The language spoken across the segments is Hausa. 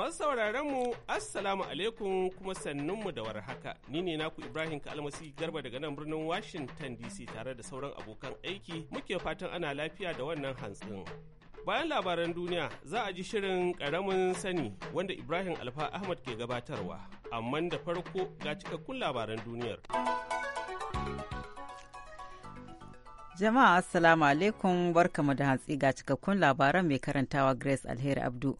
Masu sauraron mu Assalamu alaikum kuma sannunmu da warhaka. Ni ne naku Ibrahim Kalmasi Garba daga nan birnin Washington DC tare da sauran abokan aiki muke fatan ana lafiya da wannan hantsin. Bayan labaran duniya za a ji shirin ƙaramin sani wanda Ibrahim Alfa Ahmad ke gabatarwa, amma da farko ga cikakkun labaran duniyar. Jama'a Assalamu alaikum barkamu da hantsi ga cikakkun labaran mai karantawa Grace Alheri Abdu.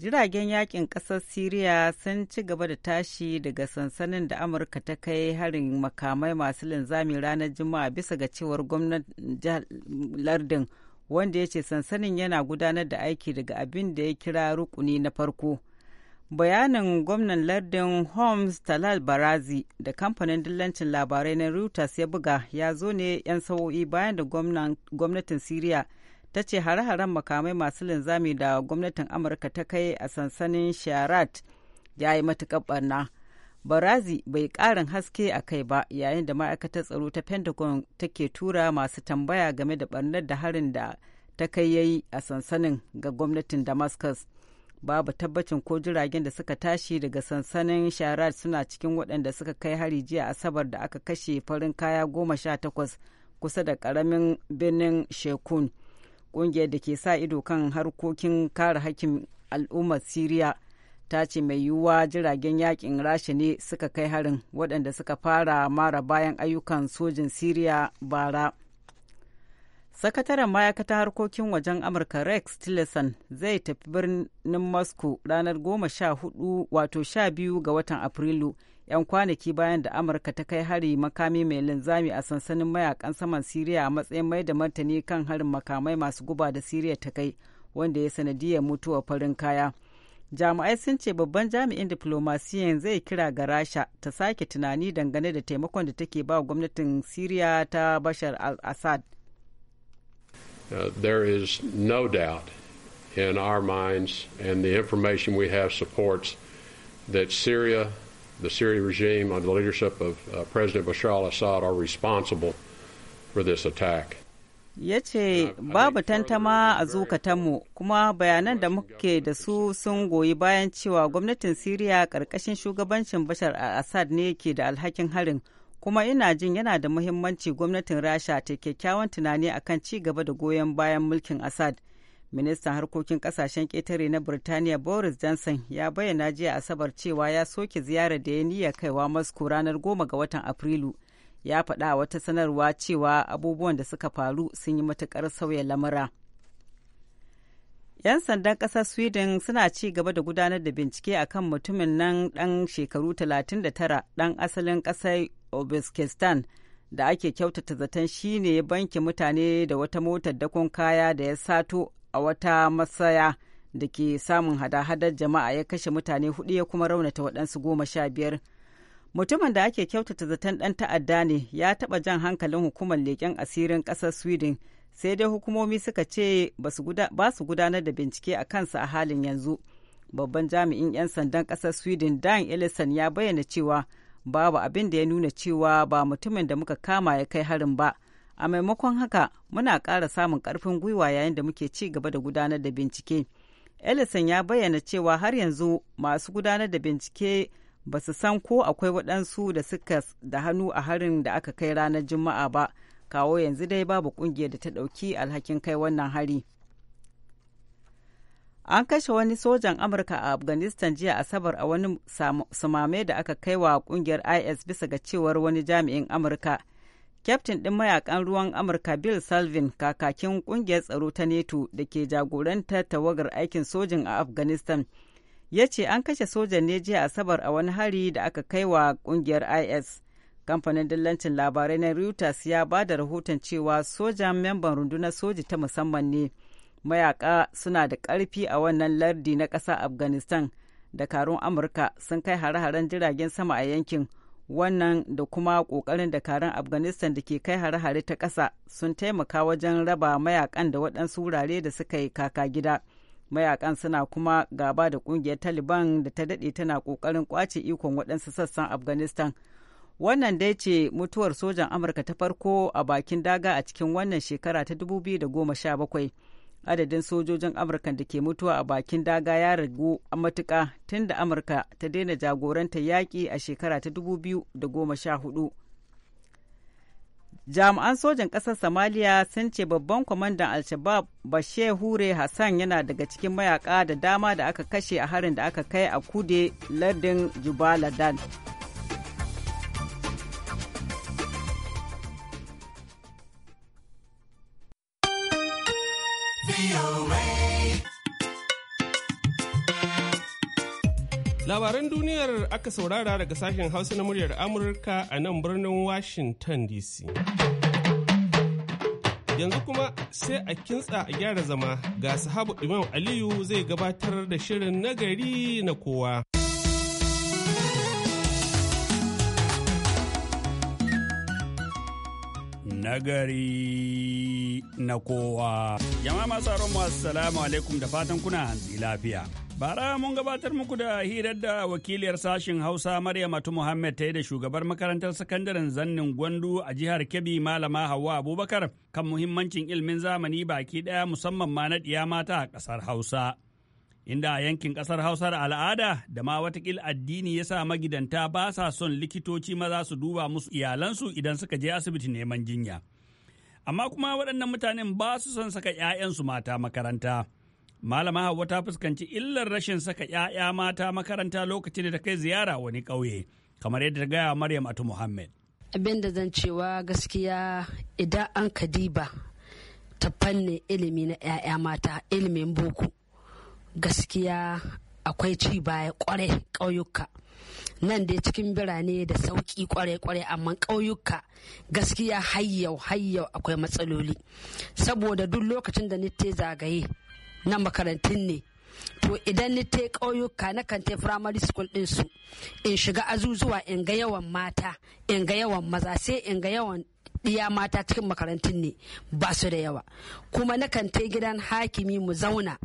jiragen yakin kasar siriya sun ci gaba da tashi daga sansanin da amurka ta kai harin makamai masu linzami ranar juma'a bisa ga cewar gwamnatin lardin wanda ya ce sansanin yana gudanar da aiki daga abin da ya kira rukuni na farko bayanin gwamnan lardin holmes talal barazi da kamfanin dillancin labarai na reuters ya buga ya zo ne 'yan sa'o'i bayan da gwamnatin siriya ta ce hare-haren makamai masu linzami da gwamnatin amurka ta kai a sansanin sharat ya yi matuƙar barna barazi bai ƙarin haske a kai ba yayin da ma'aikatar tsaro ta pentagon take tura masu tambaya game da barnar da harin da ta kai ya yi a sansanin ga gwamnatin damascus babu tabbacin ko jiragen da suka tashi daga sansanin sharat suna cikin waɗanda suka kai hari jiya asabar da aka kashe farin kaya goma sha takwas kusa da ƙaramin birnin shekun Ƙungiyar da ke sa ido kan harkokin kare hakkin al'ummar Siriya ta ce mai yiwuwa jiragen yakin rasha ne suka kai harin waɗanda suka fara mara bayan ayyukan sojin Siriya bara. Sakataren ma'aikatar harkokin wajen Amurka Rex Tillerson zai tafi birnin Moscow ranar goma sha hudu wato sha biyu ga watan Afrilu. 'yan kwanaki bayan da amurka ta kai hari makami mai linzami a sansanin mayakan saman siriya a matsayin mai da martani kan harin makamai masu guba da siriya ta kai wanda ya sanadiyar mutuwar farin kaya jami'ai sun ce babban jami'in diplomasiyan zai kira ga rasha ta sake tunani dangane da taimakon da take ba gwamnatin siriya ta bashar al-assad uh, there is no doubt in our minds and the information we have supports that syria the Syrian regime, under the leadership of uh, President Bashar al Assad, are responsible for this attack. ya babu tantama a zukatanmu kuma bayanan da muke da su sun goyi bayan cewa gwamnatin syria karkashin shugabancin bashar al-assad ne ke da alhakin harin kuma ina jin yana da muhimmanci gwamnatin rasha ta kyakkyawan tunani akan ci gaba da goyon bayan mulkin assad ministan harkokin kasashen ketare na birtaniya boris johnson ya bayyana jiya asabar cewa ya soke ziyarar da ya niyya kaiwa moscow ranar goma ga watan afrilu ya faɗa wata sanarwa cewa abubuwan da suka faru sun yi matuƙar sauya lamura 'yan sandan ƙasar sweden suna ci gaba da gudanar da bincike akan mutumin nan ɗan shekaru 39 ɗan asalin ƙasar uzbekistan da ake kyautata zaton shine ya banke mutane da wata motar dakon kaya da ya sato a wata masaya da ke samun hada-hadar jama'a ya kashe mutane hudu ya kuma raunata waɗansu goma sha biyar. Mutumin da ake kyautata zaton ɗan ta'adda ne ya taɓa jan hankalin hukumar leƙen asirin ƙasar Sweden sai dai hukumomi suka ce ba su gudanar da bincike a kansa a halin yanzu. Babban jami'in 'yan sandan ƙasar Sweden Dan Ellison ya bayyana cewa babu abin da ya nuna cewa ba mutumin da muka kama ya kai harin ba. a maimakon haka muna ƙara samun karfin gwiwa yayin da muke ci gaba da gudanar da bincike ellison ya bayyana cewa har yanzu masu gudanar da bincike ba su san ko akwai waɗansu da suka da hannu a harin da aka kai ranar juma'a ba kawo yanzu dai babu ƙungiyar da ta ɗauki alhakin kai wannan hari an kashe wani sojan amurka a afghanistan jiya asabar a wani sumame da aka kai wa ƙungiyar is bisa ga cewar wani jami'in amurka kyaftin ɗin mayakan ruwan amurka bill salvin kakakin ƙungiyar tsaro ta neto da ke jagoranta tawagar aikin sojin a afghanistan ya ce an kashe sojan ne jiya asabar a wani hari da aka kai wa ƙungiyar is kamfanin dillancin labarai na reuters ya ba da rahoton cewa sojan memban rundunar soji ta musamman ne mayaka suna da ƙarfi a wannan lardi na ƙasa afghanistan da dakarun amurka sun kai hare-haren jiragen sama a yankin wannan da kuma ƙoƙarin dakarun afghanistan da ke kai hare-hare ta ƙasa sun taimaka wajen raba mayakan da waɗansu wurare da suka yi kaka gida mayakan suna kuma gaba da ƙungiyar taliban da ta dade tana kokarin kwace ikon waɗansu sassan afghanistan wannan dai ce mutuwar sojan amurka ta farko a bakin daga a cikin wannan shekara ta 2017 adadin sojojin amurka da ke mutuwa a bakin daga ya ragu a matuka tun da amurka ta daina jagoranta yaƙi a shekara ta 2014 jami'an sojan ƙasar samaliya sun ce babban kwamandan al-shabab bashe hure hassan yana daga cikin mayaka da dama da aka kashe a harin da aka kai a kude lardin jubaladan Labaran duniyar aka saurara daga sashen Hausa na muryar Amurka a nan birnin Washington DC. Yanzu kuma sai a kintsa a gyara zama ga sahabu Imam Aliyu zai gabatar da shirin nagari na kowa. Nagari na kowa. Jama'a masu salamu alaikum da fatan kuna hanzi lafiya. Bara mun gabatar muku da hirar da wakiliyar sashen Hausa Maryam Atu Muhammad ta yi da shugabar makarantar sakandaren zannin Gwandu a jihar Kebbi Malama Hauwa Abubakar kan muhimmancin ilimin zamani baki ɗaya musamman ma na ɗiya mata a kasar Hausa. Inda a yankin ƙasar Hausa da al'ada da ma watakil addini ya sa magidanta ba sa son likitoci maza su duba musu iyalansu idan suka je asibiti neman jinya. Amma kuma waɗannan mutanen ba su son saka 'ya'yansu mata makaranta. Malama Hauwa ta fuskanci illar rashin saka 'ya'ya mata makaranta lokacin da ta kai ziyara wani ƙauye, kamar yadda ta gaya Maryam Atu Muhammad. Abin da zan cewa gaskiya idan an kadiba ta fanne ilimi na 'ya'ya mata ilimin boko gaskiya akwai ci baya kwarai ƙauyuka. Nan dai cikin birane da sauƙi kware kware amma ƙauyuka gaskiya hayyau hayyau akwai matsaloli. Saboda duk lokacin da ni zagaye na makarantun ne to idan ni ta ƙauyuka na kan ta primary school din su in shiga azuzuwa in ga yawan mata in ga yawan maza sai in ga yawan ɗiya mata cikin makarantun ne ba su da yawa kuma na kan ta gidan hakimi mu zauna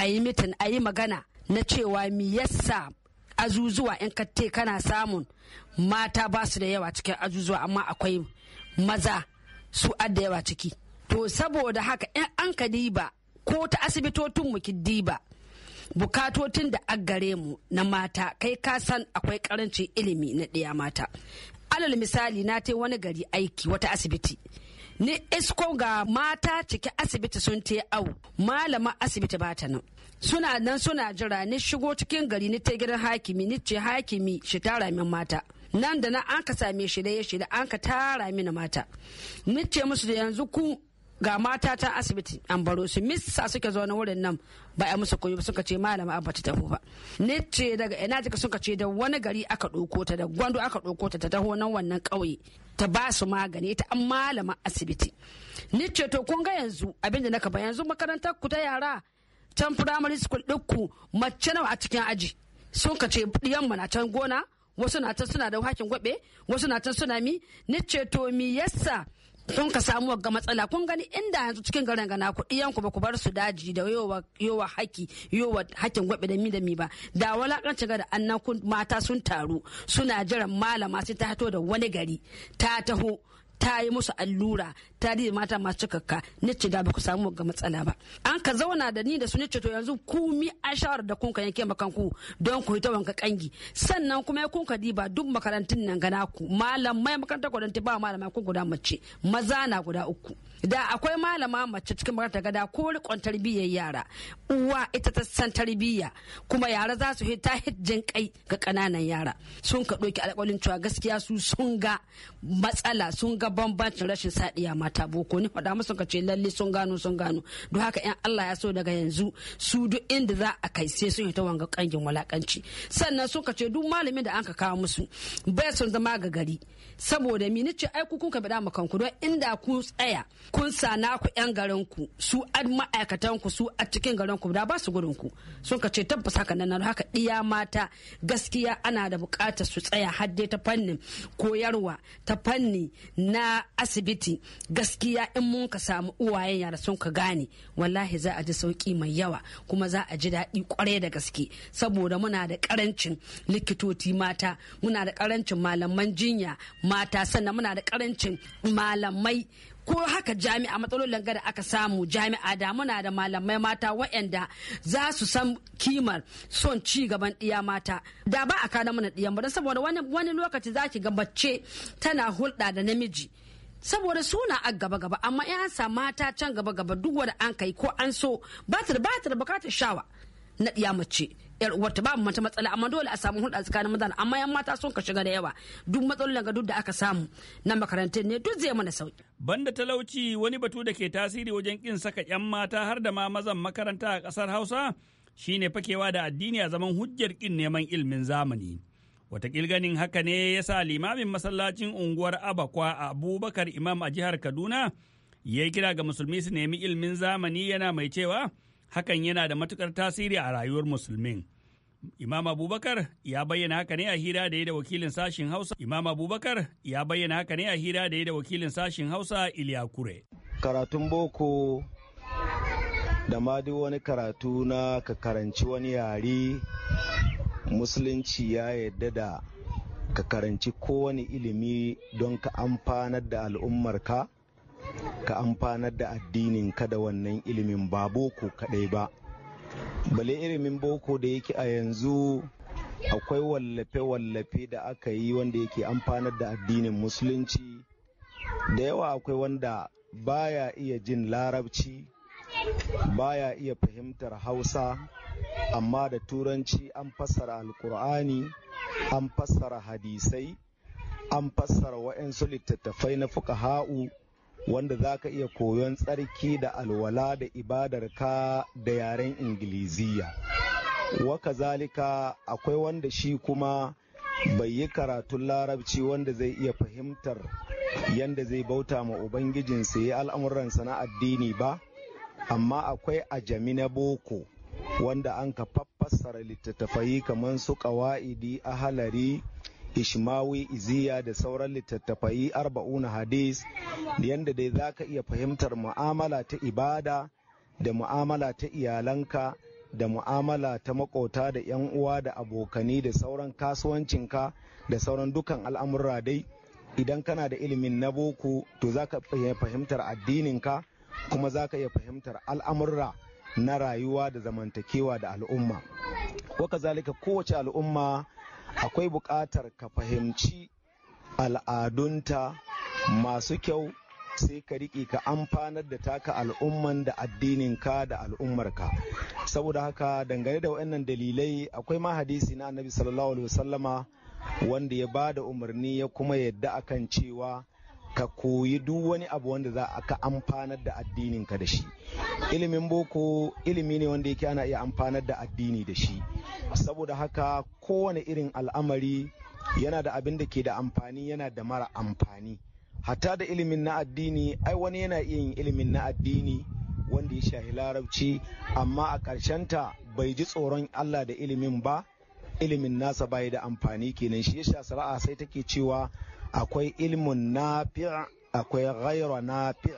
a yi mitin a yi magana na cewa mi yasa azuzuwa in ka te kana samun mata ba su da yawa cikin azuzuwa amma akwai maza su adda yawa ciki to saboda haka in an ka diba ko ta asibitotin mu diba bukatotin da aggare mu na mata kai ka san akwai karancin ilimi na ɗaya mata alal misali na ta wani gari aiki wata asibiti ni isko ga mata cike asibiti sun te au malama asibiti ba ta nan suna nan suna jira ni shigo cikin gari ni ta gidan hakimi ni ce hakimi shi tara min mata nan da na an ka same shi da ya shi da an ka tara mini mata ni ce musu da yanzu ku ga mata ta asibiti an baro su missa suke zo na wurin nan ba a musu koyo suka ce malama abba ta taho ba ni ce daga ina jika suka ce da wani gari aka ɗauko ta da gwando aka ɗauko ta ta taho nan wannan ƙauye ta ba su magani ta an malama asibiti ni ce to kun ga yanzu abin da naka ba yanzu makarantar ku ta yara can primary school ɗinku mace nawa a cikin aji sun ka ce yamma na can gona wasu na can suna da hakin gobe wasu na can suna mi ni ce to mi yasa sun ka samu ga matsala kun gani inda yanzu cikin garin gana ku iyan ku ba ku bar su daji da yowa yowa haki yowa hakin gwabe da mi da mi ba da walakanci ga da annan mata sun taru suna jiran malama sai ta hato da wani gari ta taho ta yi musu allura ta da mata masu cikakka ni ce da ku samu ga matsala ba an ka zauna da ni da su ni to yanzu ku mi a shawar da kun ka yanke makanku don ku ta wanka kangi sannan kuma ya kun ka diba duk makarantun nan gana ku malamai makarantar kwadanta ba malamai ku guda mace maza na guda uku da akwai malama mace cikin makarantar gada ko rikon tarbiyyar yara uwa ita ta san tarbiyya kuma yara za su hita hijjin kai ga kananan yara sun ka ɗauki alƙalin cewa gaskiya su sun ga matsala sun ga ga bambancin rashin sadiya mata boko ne faɗa musu kace lalle sun gano sun gano don haka yan Allah ya so daga yanzu su duk inda za a kai sai sun yi ta wanga kangin walakanci sannan suka ce duk malamin da an ka kawo musu bai sun zama ga gari saboda mi nace ai ku kuka bada makanku don inda ku tsaya kun sana ku yan garin ku su ad ma'aikatan ku su a cikin garin ku da ba su gurin ku sun ka ce tabbas haka nan haka iya mata gaskiya ana da bukatar su tsaya hadde ta fannin koyarwa ta fanni na na asibiti gaskiya in mun ka samu uwayen yara sun ka gane wallahi za a ji sauki mai yawa kuma za a ji daɗi kwarai da gaske saboda muna da karancin likitoci mata muna da karancin malaman jinya mata sannan muna da karancin malamai ko haka jami'a matsalolin da aka samu jami'a da muna da malamai mata waɗanda za su san kimar son ci gaban ɗiya mata da ba a kana mana ɗiyan ba saboda wani lokaci za ki ga mace tana hulɗa da namiji saboda suna a gaba gaba amma in an samu mata can gaba gaba duk wanda an kai ko an so batir ta bukatar shawa na ɗiya mace yar uwarta babu mata matsala amma dole a samu hulɗa tsakanin maza amma yan mata sun ka shiga da yawa duk matsalolin ga duk da aka samu na makarantar ne duk zai mana sauki banda talauci wani batu da ke tasiri wajen kin saka yan mata har da ma mazan makaranta a kasar Hausa shine fakewa da addini a zaman hujjar kin neman ilmin zamani Watakil ganin haka ne ya sa limamin masallacin unguwar Abakwa a Abubakar Imam a jihar Kaduna ya kira ga musulmi su nemi ilmin zamani yana mai cewa hakan yana da matukar tasiri a rayuwar musulmin. Imam Abubakar ya bayyana haka ne a hira da ya da wakilin sashin Hausa. Imam Abubakar ya bayyana haka ne a hira da ya da wakilin sashin Hausa Iliya Kure. Karatun boko da ma duk wani karatu na ka karanci wani yare musulunci ya yadda da ka karanci kowane ilimi don ka amfanar da al'ummarka ka amfanar da addinin ka da wannan ilimin ba boko kaɗai ba bale ilimin boko da yake a yanzu akwai wallafe-wallafe da aka yi wanda yake amfanar da addinin musulunci da yawa akwai wanda baya iya jin larabci baya iya fahimtar hausa amma da turanci an fassara alkur'ani an fassara hadisai an fassara wa'yansu littattafai na fuka ha'u wanda za ka iya koyon tsarki da alwala da ibadar ka da yaren ingiliziya waka zalika akwai wanda shi kuma bai yi karatun larabci wanda zai iya fahimtar yadda zai bauta ma ubangijinsa ya al'amuransa na addini ba amma akwai ajami na boko wanda an ka littattafai kamar su ƙawa'idi ahalari ishmawi iziya da sauran littattafai arba'una hadis yadda dai za ka iya fahimtar mu'amala ta ibada da mu'amala ta iyalanka da mu'amala ta makota da 'yan uwa da abokani da sauran kasuwancinka da sauran dukan al'amurra dai idan kana da ilimin na boko to za ka iya fahimtar addininka kuma za ka iya fahimtar al'amurra na rayuwa da zamantakewa da al'umma. zalika kowace al'umma akwai buƙatar ka fahimci al'adunta masu kyau sai ka riƙe ka amfanar da taka al'umman da addininka da al'ummarka saboda haka dangane da waɗannan dalilai akwai ma hadisi na annabi sallallahu alaihi wasallama wanda ya ba da umarni ya kuma yadda akan cewa ka koyi duk wani abu wanda za a ka amfanar da addinin ka da shi ilimin boko ilimi ne wanda yake ana iya amfanar da addini da shi saboda haka kowane irin al'amari yana da abin da ke da amfani yana da mara amfani hatta da ilimin na addini ai wani yana iya yin ilimin na addini wanda ya shahi larabci amma a ta bai ji tsoron Allah da ilimin ba ilimin nasa bai da amfani kenan shi yasa sara'a sai take cewa akwai ilmun nafi' akwai na nafi'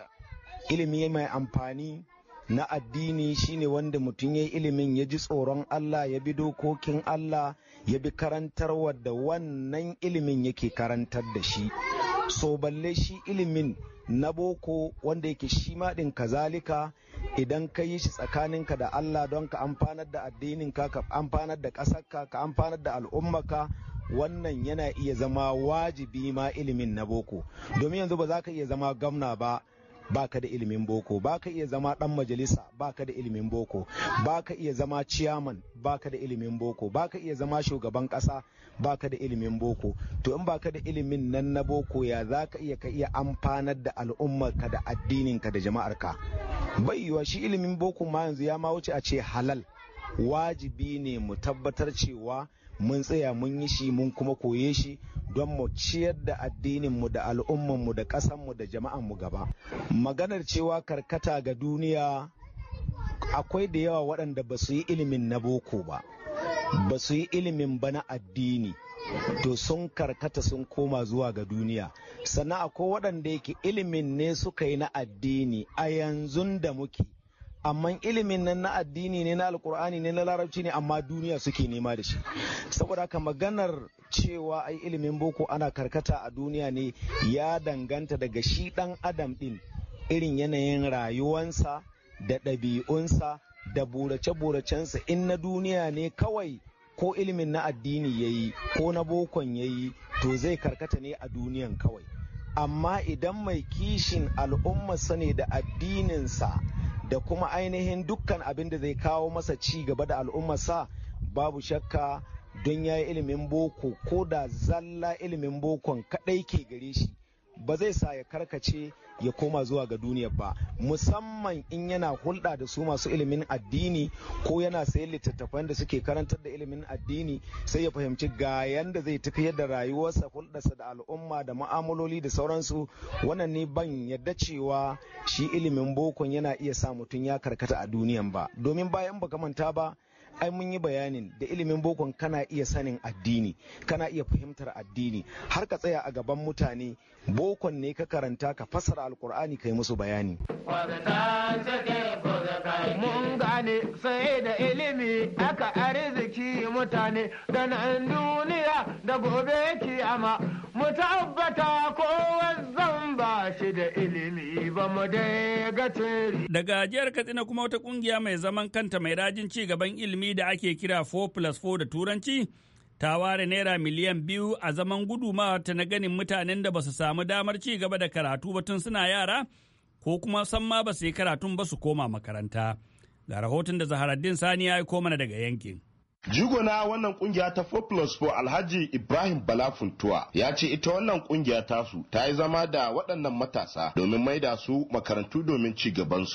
ilimi mai amfani na addini shine wanda mutum ya yi ilimin ya ji tsoron Allah ya bi dokokin Allah ya bi karantar da wannan ilimin yake karantar da shi so balle shi ilimin na boko wanda yake shi maɗin kazalika idan ka yi shi tsakaninka da Allah don ka amfanar da addininka ka amfanar da ƙasarka ka amfanar da al'ummaka. wannan yana iya zama wajibi ma ilimin na boko domin yanzu ba za ka iya zama gamna ba baka da ilimin boko baka iya zama dan majalisa baka da ilimin boko baka iya zama ciyaman baka da ilimin boko baka iya zama shugaban kasa baka da ilimin boko to in baka da ilimin nan na boko ya zaka iya ka iya amfanar da al'ummarka da addininka da jama'arka bai yiwa shi ilimin boko ma yanzu ya ma wuce a ce halal wajibi ne mu tabbatar cewa mun tsaya mun yi shi mun kuma koye shi don mu ciyar da addininmu da al'ummanmu da ƙasanmu da jama'anmu gaba maganar cewa karkata ga duniya akwai da yawa waɗanda ba su yi ilimin na boko ba ba su yi ilimin ba na addini to sun karkata sun koma zuwa ga duniya sannan akwai waɗanda yake ilimin ne suka yi na addini a yanzun da muke amma ilimin nan na addini ne na alkur'ani ne na larabci ne amma duniya suke nema da shi saboda haka maganar cewa ai ilimin boko ana karkata a duniya ne ya danganta daga shi dan adam din irin yanayin rayuwansa da ɗabi'unsa da burace-buracensa in na duniya ne kawai ko ilimin na addini ya yi ko na bokon ya yi to zai karkata ne a duniyan kawai amma idan mai kishin al'ummarsa ne da addininsa da kuma ainihin dukkan abin da zai kawo masa ci gaba da al'ummarsa babu shakka don ya yi ilimin boko ko da zalla ilimin bokon kaɗai ke gare shi ba zai sa ya karkace ya koma zuwa ga duniya ba musamman in yana hulɗa da su masu ilimin addini ko yana sayan littattafan da suke karantar da ilimin addini sai ya fahimci ga yanda zai tafi yadda rayuwarsa hulɗarsa da al'umma da ma'amaloli da sauransu wannan ne ban yadda cewa shi ilimin bokon yana iya sa mutum ya karkata a duniyan ba domin bayan baka manta ba ai mun yi bayanin da ilimin bokon kana iya sanin addini kana iya fahimtar addini har ka tsaya a gaban mutane bokon ne ka karanta ka fassara alkur'ani kai musu bayani mun gane sai da ilimi aka arziki mutane da nan duniya da gobe kiyama mu tabbata kowa zan ba shi da ilimi ba mu dai ga Daga jihar Katsina kuma wata kungiya mai zaman kanta mai rajin ci gaban ilimi da ake kira 4 plus 4 da turanci ta ware naira miliyan biyu a zaman gudu ta na ganin mutanen da ba su samu damar ci gaba da karatu ba tun suna yara ko kuma san ma ba su yi karatun ba su koma makaranta. Ga rahoton da Zaharaddin Sani ya yi mana daga yankin. Jigo wannan kungiya ta 4 plus 4 Alhaji Ibrahim balafuntuwa ya ce ita wannan kungiya tasu ta yi zama da waɗannan matasa domin maida su makarantu domin ci gaban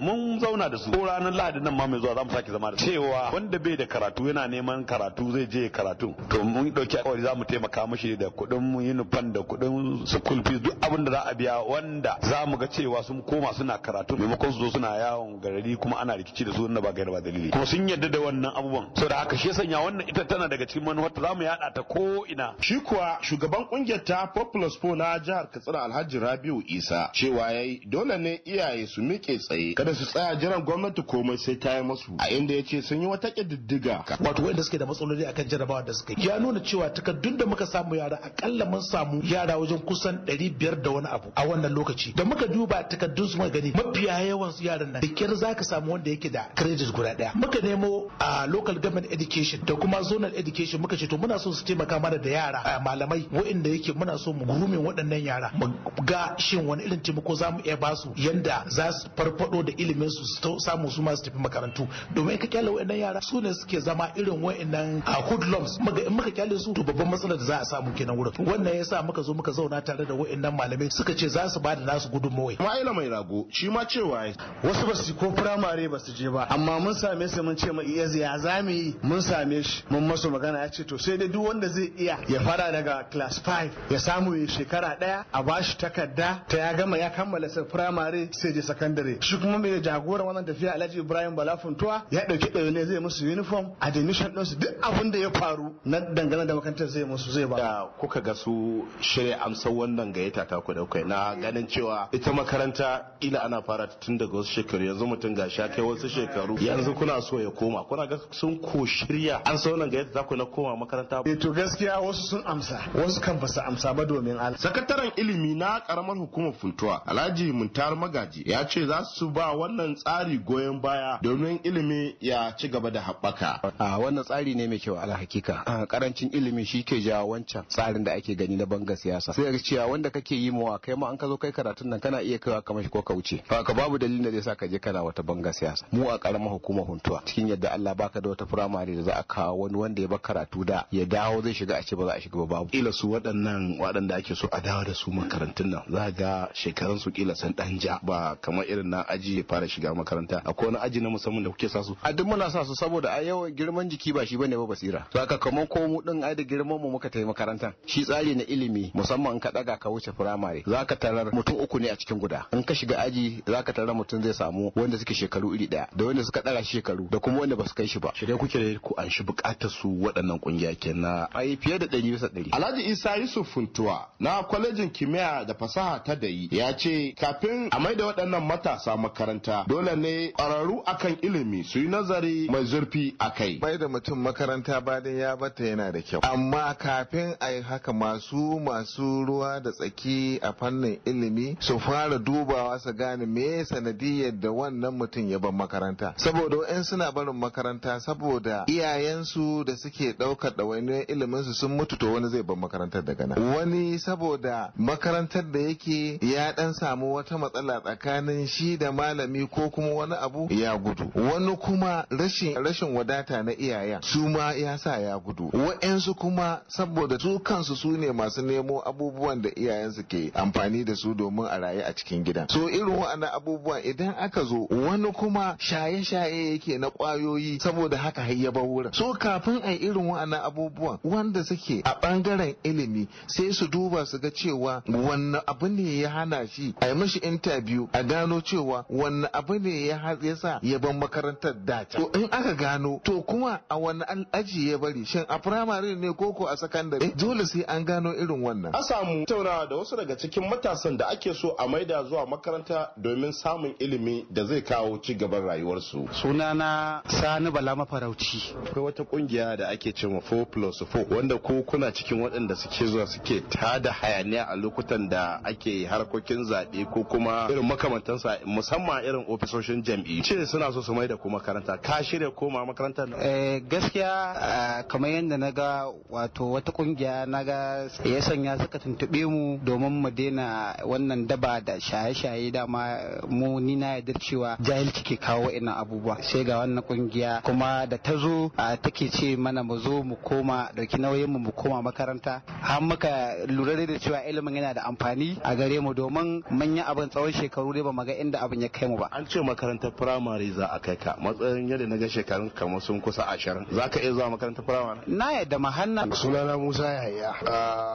Mun zauna da su ko ranar Lahadi nan ma mai zuwa za mu sake zama da su. Cewa wanda bai da karatu yana neman karatu zai je karatu. To mun ɗauki alƙawari za mu taimaka mishi da kuɗin yunifan da kuɗin school duk abin da za a biya wanda za mu ga cewa sun koma suna karatu maimakon su zo suna yawon garari kuma ana rikici da su wanda ba gaira ba dalili. Kuma sun yarda da wannan abubuwan. Saboda Kashe shi sanya wannan ita tana daga cikin manufar ta zamu yada ta ko ina shi kuwa shugaban kungiyar ta Populous Po na jihar Katsina Alhaji Rabiu Isa cewa yayi dole ne iyaye su miƙe tsaye kada su tsaya jiran gwamnati komai sai ta yi musu a inda yace sun yi wata kididdiga wato wanda suke da matsaloli akan jarabawa da suka ya nuna cewa takardun da muka samu yara akalla mun samu yara wajen kusan 500 da wani abu a wannan lokaci da muka duba takardun su muka gani mafiya yawan su yaran nan da kyar zaka samu wanda yake da credit guda daya muka nemo a ah, local government education da kuma zonal education muka ce to muna so su taimaka mana da yara malamai waɗanda yake muna so mu gurumin waɗannan yara mu ga shin wani irin taimako za mu iya ba su yanda za su farfado da ilimin su su samu su ma su tafi makarantu domin ka kyale waɗannan yara su ne suke zama irin waɗannan hoodlums muga in muka kyale su to babban matsalar da za a samu kenan wurin wannan yasa muka zo muka zauna tare da waɗannan malamai suka ce za su ba da nasu gudunmawai ma'aila mai rago shi ma cewa wasu ba su ko firamare ba su je ba amma mun same su mun ce ma iya ya za mu yi mun same shi mun masu magana ya ce to sai dai duk wanda zai iya ya fara daga class 5 ya samu ya shekara daya a bashi takarda ta ya gama ya kammala sai primary sai je secondary shi kuma mai jagoran wannan tafiya Alhaji Ibrahim Balafuntuwa ya dauki ɗaya ne zai musu uniform admission su duk abin da ya faru na dangane da makarantar zai musu zai ba da kuka ga su shirya amsar wannan gayyata ta ku daukai na ganin cewa ita makaranta ila ana fara ta tun daga wasu shekaru yanzu mutum ga sha kai wasu shekaru yanzu kuna so ya koma kuna ga sun koshi shirya an sauran ga yadda za ku na koma makaranta. ba. Eh, to gaskiya wasu sun amsa wasu kan ba su amsa ba domin al. Sakataren ilimi na karamar hukumar Funtuwa Alhaji Muntar Magaji ya ce za su ba wannan tsari goyon baya domin ilimi ya ci gaba da haɓaka. A wannan tsari ne mai kyau hakika. Karancin ilimi shi ke jawo wancan tsarin da ake gani na banga siyasa. Sai cewa wanda kake yi mawa kai ma an ka zo kai karatun nan kana iya kaiwa kamar shi ko ka wuce. Ka babu dalilin da zai sa ka je kana wata banga siyasa. Mu a karamar hukumar Funtuwa cikin yadda Allah baka da wata firamare tsari da za a kawo wani wanda ya ba karatu da ya dawo zai shiga a ce ba za a shiga ba babu kila su waɗannan waɗanda ake so a dawo da su makarantun nan za ga shekarun su kila san dan ja ba kamar irin na aji ya fara shiga makaranta akwai wani aji na musamman da kuke sa su a duk muna sa su saboda a yawan girman jiki ba shi bane ba basira to haka kamar ko mu din ai da girman mu muka tafi makaranta shi tsari na ilimi musamman in ka daga ka wuce firamare ka tarar mutum uku ne a cikin guda in ka shiga aji za ka tarar mutum zai samu wanda suke shekaru iri daya da wanda suka daga shekaru da kuma wanda ba su kai shi ba shirye kuke Ko an shi bukatar su waɗannan kungiya na Ayi fiye da ɗari bisa ɗari. Alhaji Isa Yusuf Funtuwa na kwalejin kimiyya da fasaha ta dayi ya ce kafin a maida waɗannan matasa makaranta dole ne ƙwararru akan ilimi su yi nazari mai zurfi a kai. Bai da mutum makaranta ba dai ya bata yana da kyau. Amma kafin a yi haka masu masu ruwa da tsaki a fannin ilimi su fara dubawa su gane me sanadiyar da wannan mutum ya bar makaranta. Saboda in suna barin makaranta saboda iyayensu da suke ɗaukar wani ilimin su sun mutu to wani zai bar makarantar daga nan wani saboda makarantar da yake ya ɗan samu wata matsala tsakanin shi da malami ko kuma wani abu ya gudu wani kuma rashin rashin wadata na iyayen su ma ya sa ya gudu wa'ensu kuma saboda su kansu su ne masu nemo abubuwan da iyayensu ke amfani da su domin a raye a cikin gidan so irin wa'annan abubuwan idan aka zo wani kuma shaye-shaye yake na kwayoyi saboda haka har bar wurin so kafin a irin wa'annan abubuwan wanda suke a bangaren ilimi sai su duba su ga cewa wanne abu ne ya hana shi a yi mishi interview a gano cewa wanne abu ne ya sa ya ban makarantar dace to in aka gano to kuma a wani aji ya bari shin a firamare ne koko a sakandare eh, dole sai an gano irin wannan A samu tattaunawa da wasu daga cikin matasan da ake so a maida zuwa makaranta domin samun ilimi da zai kawo ci gaban rayuwarsu sunana sani bala mafarauci akwai wata kungiya da ake cewa 4 plus 4 wanda ko kuna cikin waɗanda suke zuwa suke tada hayaniya a lokutan da ake harkokin zaɓe ko kuma irin makamantansa musamman irin ofisoshin jam'i ce suna so su mai da ku makaranta ka shirya koma makarantar eh gaskiya kamar yadda na ga wato wata kungiya na ga ya sanya suka tuntuɓe mu domin mu daina wannan daba da shaye-shaye dama mu ni na yarda cewa jahilci ke kawo ina abubuwa sai ga wannan kungiya kuma da ta zo yanzu take ce mana mu zo mu koma dauki nauyin mu mu koma makaranta har muka lura da cewa ilimin yana da amfani a gare mu domin mun yi abin tsawon shekaru ne ba mu ga inda abin ya kai mu ba an ce makarantar firamare za a kai ka matsayin yadda na ga shekarun kamar sun kusa ashirin za ka iya zuwa makarantar firamare na yadda mahanna sunana musa yahaya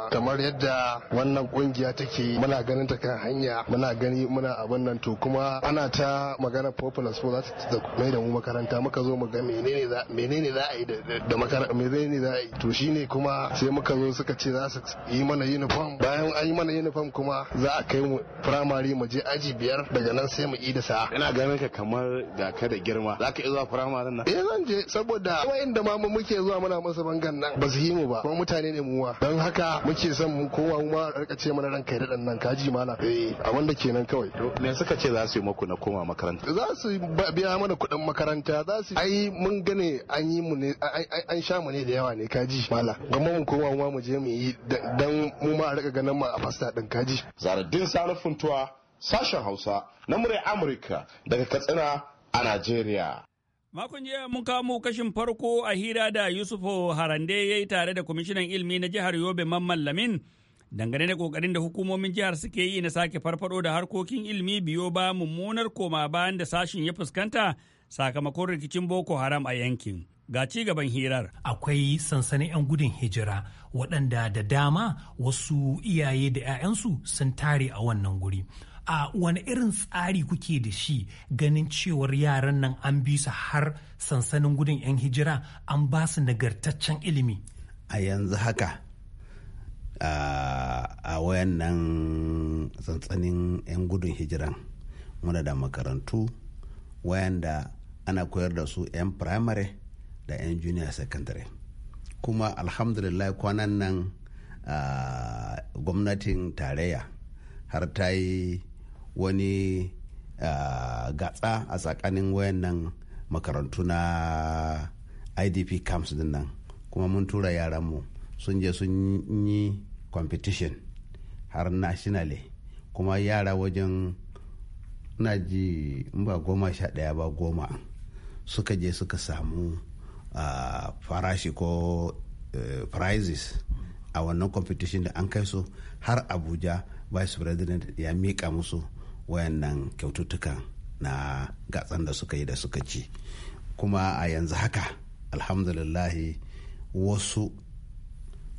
kamar yadda wannan kungiya take muna ganin ta kan hanya muna gani muna abin nan to kuma ana ta magana popular school za ta mai da mu makaranta muka zo mu ga menene menene za a yi da makaranta menene za a yi to shine kuma sai muka zo suka ce za su yi mana uniform bayan an yi mana uniform kuma za a kai mu primary mu je aji biyar daga nan sai mu ida sa ina ganin ka kamar da ka da girma za ka iya zuwa primary nan eh zan je saboda wayanda ma mu muke zuwa muna masa bangan nan ba su yi mu ba kuma mutane ne muwa don haka muke son mu kowa mu ma rika ce mana ranka da nan kaji malam eh abin da kenan kawai to me suka ce za su yi muku na koma makaranta za su biya mana kuɗin makaranta za su ai mun gane an yi an sha mu ne da yawa ne kaji mala gama mu koma mu mu je mu yi dan mu ma a rika ganin mu a fasta din kaji zaradin sanufin tuwa sashen hausa na murai amurka daga katsina a najeriya Makon jiya mun kamo kashin farko a hira da Yusuf Harande ya yi tare da kwamishinan Ilmi na jihar Yobe Mamman Lamin dangane da kokarin da hukumomin jihar suke yi na sake farfado da harkokin ilimi biyo ba mummunar koma bayan da sashin ya fuskanta sakamakon rikicin Boko Haram a yankin. Ga ci gaban hirar. Akwai sansanin 'yan gudun hijira waɗanda da dama wasu iyaye da 'ya'yansu sun tare a wannan guri. a wani irin tsari kuke da shi ganin cewar yaran nan an bi su har sansanin gudun 'yan hijira an ba su nagartaccen ilimi a yanzu haka a wayan nan sansanin 'yan gudun hijiran muna da makarantu wayanda ana koyar da su 'yan primary da 'yan junior secondary kuma alhamdulillah kwanan nan gwamnatin tarayya har ta yi wani gatsa a tsakanin wayannan makarantu na idp camps din nan kuma mun tura yaranmu sun je sun yi competition har nationally kuma yara wajen na ji ba goma sha ɗaya ba goma suka je suka samu farashi ko e, prizes a wannan competition da an kai su har abuja vice president ya mika musu wayannan kyaututtuka na gatsan da suka yi da suka ci kuma a yanzu haka alhamdulillahi wasu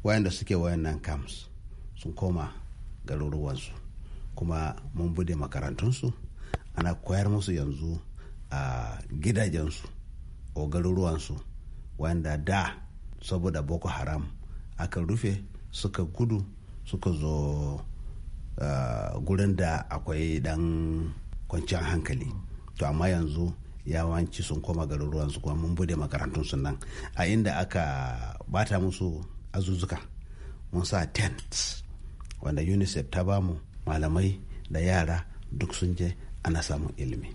wayanda suke wayannan camps sun koma garuruwansu kuma mun bude makarantunsu ana koyar musu yanzu a gidajensu ko garuruwansu wanda da saboda boko haram aka rufe suka gudu suka zo gurin da akwai dan kwanciyar hankali to amma yanzu yawanci sun koma garuruwansu kuma mun bude makarantun nan a inda aka bata musu azuzuka mun sa tent wanda unicef ta bamu malamai da yara duk sun je ana samun ilimi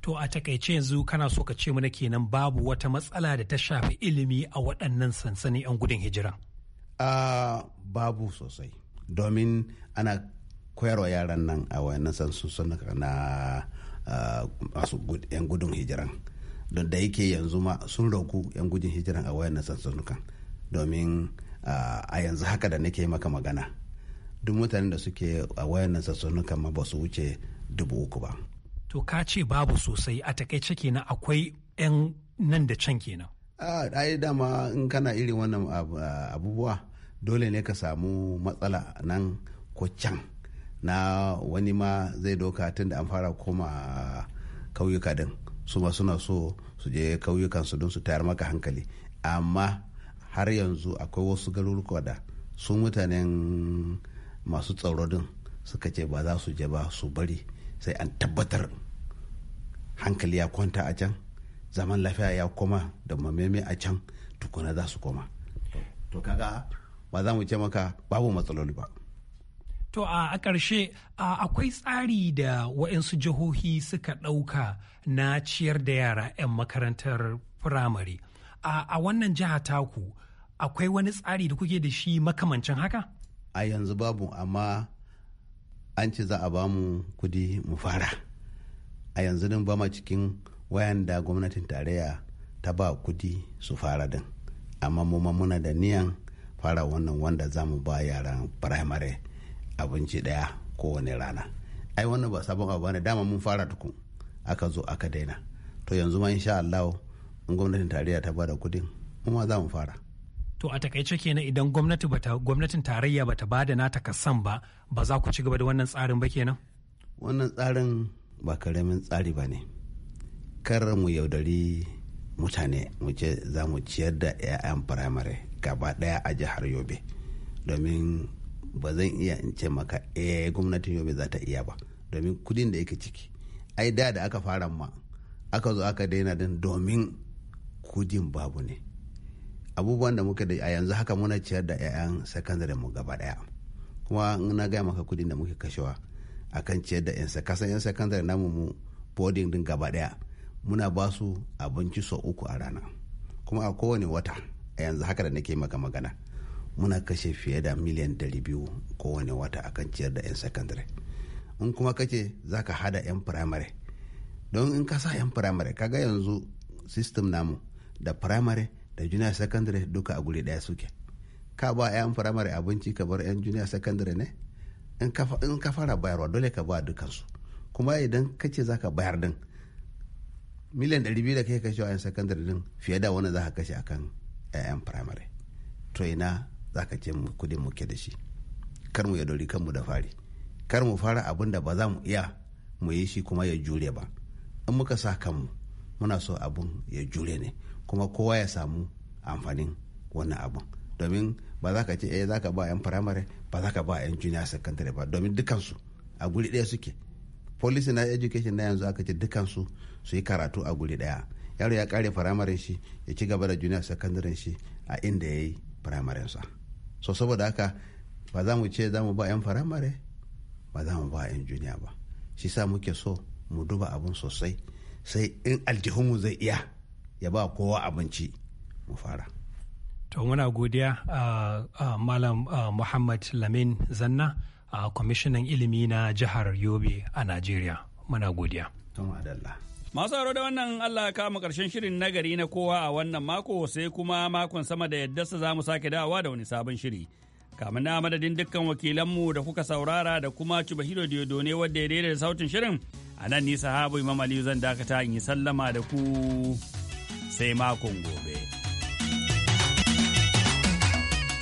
to a takaice yanzu kana so ka ce mana kenan babu wata matsala da ta shafi ilimi a waɗannan sansani 'yan gudun hijira uh, babu sosai domin ana koyarwa yaran nan a wayannan sansunan na masu 'yan gudun hijira don da yake yanzu ma sun ragu 'yan gudun hijiran a wayannan sansunukan domin a yanzu haka da nake maka magana duk mutanen da suke a wayannan sansunukan ma ba su wuce dubu uku ba. To ka ce babu sosai a takaice kenan akwai 'yan nan da can kenan. A yi dama in kana irin wannan abubuwa dole ne ka samu matsala nan ko can na wani ma zai doka tun da an fara koma kauyuka din su ma suna so su je kauyukan su don su tayar maka hankali amma har yanzu akwai wasu garuruka da su mutanen masu tsaro din suka ce ba za su je ba su bari sai an tabbatar hankali ya kwanta a can zaman lafiya ya koma da mameme a can tukuna za su koma to kaga ba za mu ce maka babu matsaloli ba to a ƙarshe akwai tsari da waɗansu jihohi suka ɗauka na ciyar da yara 'yan makarantar firamare a wannan jiha taku akwai wani tsari da kuke da shi makamancin haka a yanzu babu amma an ce za a ba mu kudi mu fara a yanzu din ba ma cikin wayan da gwamnatin tarayya ta ba kudi su fara din amma mu muna da niyan fara wannan wanda za mu ba yaran firamare abinci daya kowane rana ai wannan ba sabon abu ne dama mun fara tukun aka zo aka daina to yanzu ma insha Allah in gwamnatin tarayya ta ba da kudin mu ma za mu fara to a takaice kenan idan gwamnati bata gwamnatin tarayya bata bada nata kasan ba ba za ku ci gaba da wannan tsarin ba kenan wannan tsarin ba karamin tsari ba ne kar mu yaudari mutane mu ce za mu ciyar da 'ya'yan firamare gaba daya a jihar yobe domin ba zan iya in ce maka eh gwamnatin yobe za ta iya ba domin kudin da yake ciki ai da da aka fara ma aka zo aka daina din domin kudin babu ne abubuwan da muka da a yanzu haka muna ciyar da 'ya'yan sakandare mu gaba daya kuma na gaya maka kudin da muke kashewa a kan ciyar da 'yan kasan 'yan sakandare namu mu boarding din gaba daya muna ba su abinci sau uku a rana kuma a kowane wata a yanzu haka da nake maka magana muna kashe fiye da miliyan dari 200 kowane wata a kan ciyar da 'yan secondary in kuma kace za ka hada 'yan firamare don in ka sa 'yan firamare kaga yanzu system namu da firamare da junior secondary duka a guri daya suke ka ba 'yan firamare abinci ka bar 'yan junior secondary ne in ka fara bayarwa dole ka ba dukansu kuma idan ka ce zaka bayar din miliyan 200 da kai kashe a 'yan secondary din fiye da wani za ka kashe akan 'yan firamare to ina za ka ce kudin muke da shi kar mu ya dori kanmu da fari kar mu fara abin da ba za mu iya mu yi shi kuma ya jure ba in muka sa kanmu muna so abun ya jure ne kuma kowa ya samu amfanin wannan abun domin ba za ka ce eh za ka ba 'yan firamare ba za ka ba 'yan junior secondary ba domin dukansu a guri ɗaya suke policy na education na yanzu aka ce dukansu su yi karatu a guri daya yaro ya kare firamaren shi ya ci gaba da junior secondary shi a inda ya yi firamarin sa so saboda haka ba za mu ce za mu ba 'yan firamare ba za mu ba 'yan junior ba shi sa muke so mu duba abun sosai sai in aljihunmu zai iya ya ba kowa abinci mu fara to muna godiya a malam muhammad lamin zanna a kwamishinan ilimi na jihar yobe a najeriya muna godiya Masu da wannan Allah ya kama karshen shirin nagari na kowa a wannan mako sai kuma makon sama da yadda za mu sake dawa da wani sabon shiri. Kamin na madadin dukkan wakilanmu da kuka saurara da kuma Cibahiro Diodo ne wadda ya daidaita sautin shirin. A nan nisa habu Imam Aliyu zan dakata in yi sallama da ku sai makon gobe.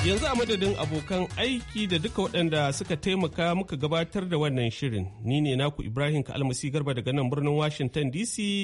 Yanzu a madadin abokan aiki da duka waɗanda suka taimaka muka gabatar da wannan shirin, ni ne naku Ibrahim Kalmasi Garba daga nan birnin Washington DC